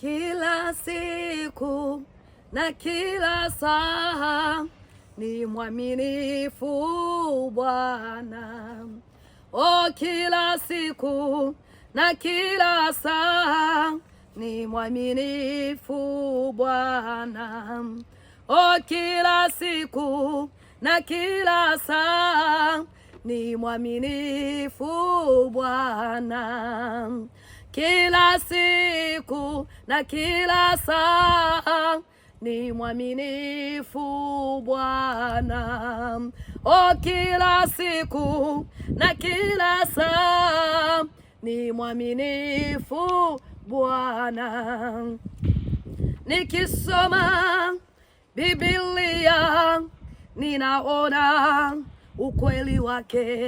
Kila siku na kila saa ni mwaminifu Bwana. O, kila siku na kila saa ni mwaminifu Bwana. O, kila siku na kila saa ni mwaminifu Bwana kila siku na kila saa ni mwaminifu Bwana, o kila siku na kila saa ni mwaminifu Bwana. Nikisoma Biblia ninaona ukweli wake,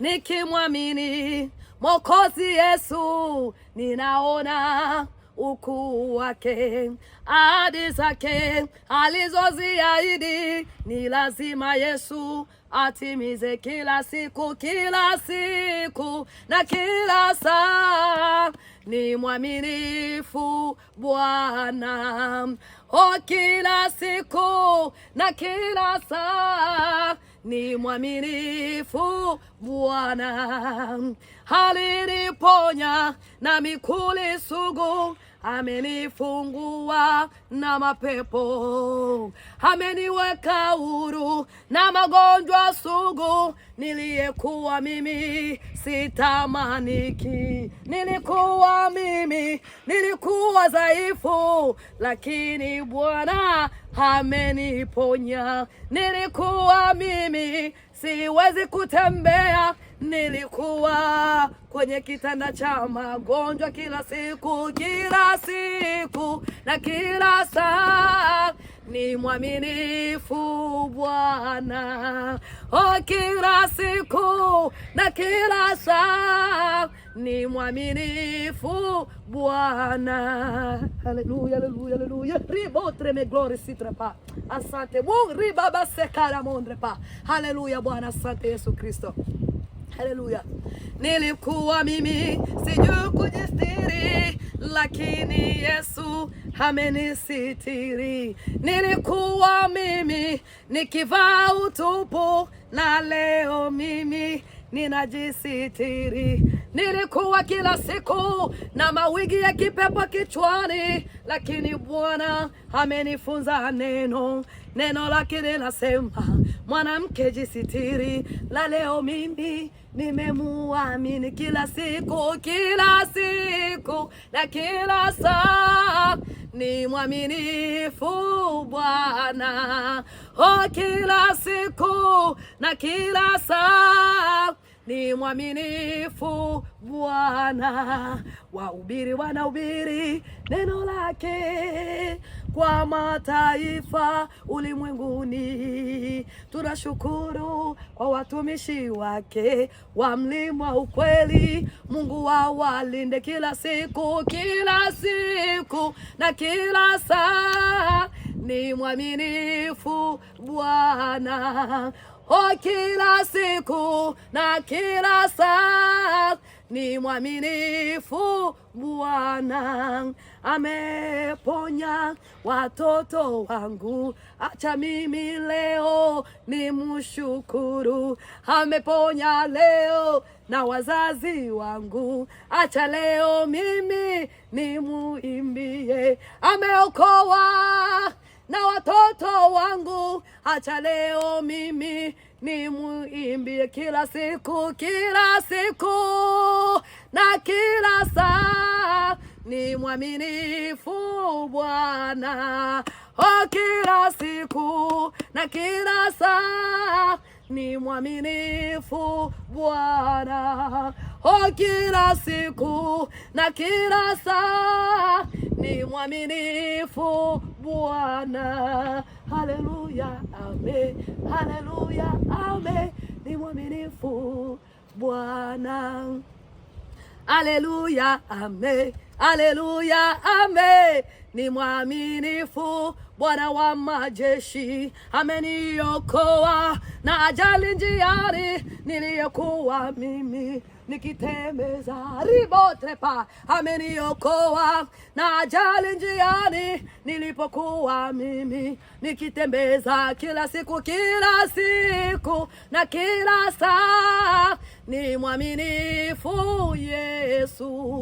nikimwamini Mwokozi Yesu, ninaona ukuu wake, ahadi zake alizoziahidi ni lazima Yesu atimize kila siku, kila siku na kila saa. Ni mwaminifu Bwana, o, oh, kila siku na kila saa ni mwaminifu Bwana, aliniponya na mikuli sugu, amenifungua na mapepo, ameniweka huru na magonjwa sugu. Niliyekuwa mimi sitamaniki, nilikuwa mimi, nilikuwa dhaifu, lakini Bwana ameniponya. Nilikuwa mimi siwezi kutembea, nilikuwa kwenye kitanda cha magonjwa kila siku, kila siku na kila saa. Ni mwaminifu Bwana, oh, kila siku na kila saa ni mwaminifu Bwana. Haleluya, haleluya, haleluya. ribotre me glory pa Asante Mungu ribaba sekara pa. Haleluya Bwana, asante Yesu Kristo. Haleluya. Nilikuwa mimi sijui kujistiri, lakini Yesu amenisitiri. Nilikuwa mimi nikivaa utupu, na leo mimi ninajisitiri. Nilikuwa kila siku na mawigi ya kipepo kichwani, lakini Bwana amenifunza neno. Neno lake linasema mwanamke jisitiri, la leo mimi nimemuamini. Kila siku kila siku na kila saa ni mwaminifu Bwana, oh, kila siku na kila saa ni mwaminifu Bwana. Wahubiri wanahubiri neno lake kwa mataifa ulimwenguni. Tunashukuru kwa watumishi wake wa mlima ukweli. Mungu awalinde kila siku, kila siku na kila saa. Ni mwaminifu Bwana o oh, kila siku na kila saa ni mwaminifu Bwana, ameponya watoto wangu. Acha mimi leo ni mshukuru, ameponya leo na wazazi wangu. Acha leo mimi ni muimbie, ameokoa na watoto wangu Acha leo mimi ni kila siku, kila siku na kila saa, ni mwaminifu Bwana o, oh, kila siku na kila saa ni mwaminifu Bwana o, oh, kila siku na kila saa ni mwaminifu Bwana. Haleluya, ame, haleluya, ame. Ni mwaminifu Bwana. Haleluya, ame Aleluya, ame ni mwaminifu Bwana wa majeshi, ameniokoa na ajali njiani niliyokuwa mimi nikitembeza ribotrepa. Ameniokoa na ajali njiani nilipokuwa mimi nikitembeza, kila siku kila siku na kila saa, ni mwaminifu Yesu.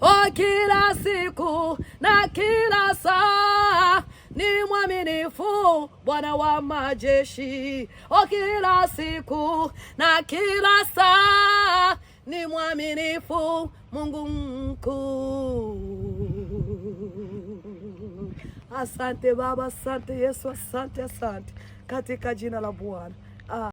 oki oh, kila siku na kila saa ni mwaminifu Bwana wa majeshi. O, kila siku na kila saa ni mwaminifu Mungu mkuu. Asante Baba, asante Yesu, asante, asante katika jina la Bwana. Ah.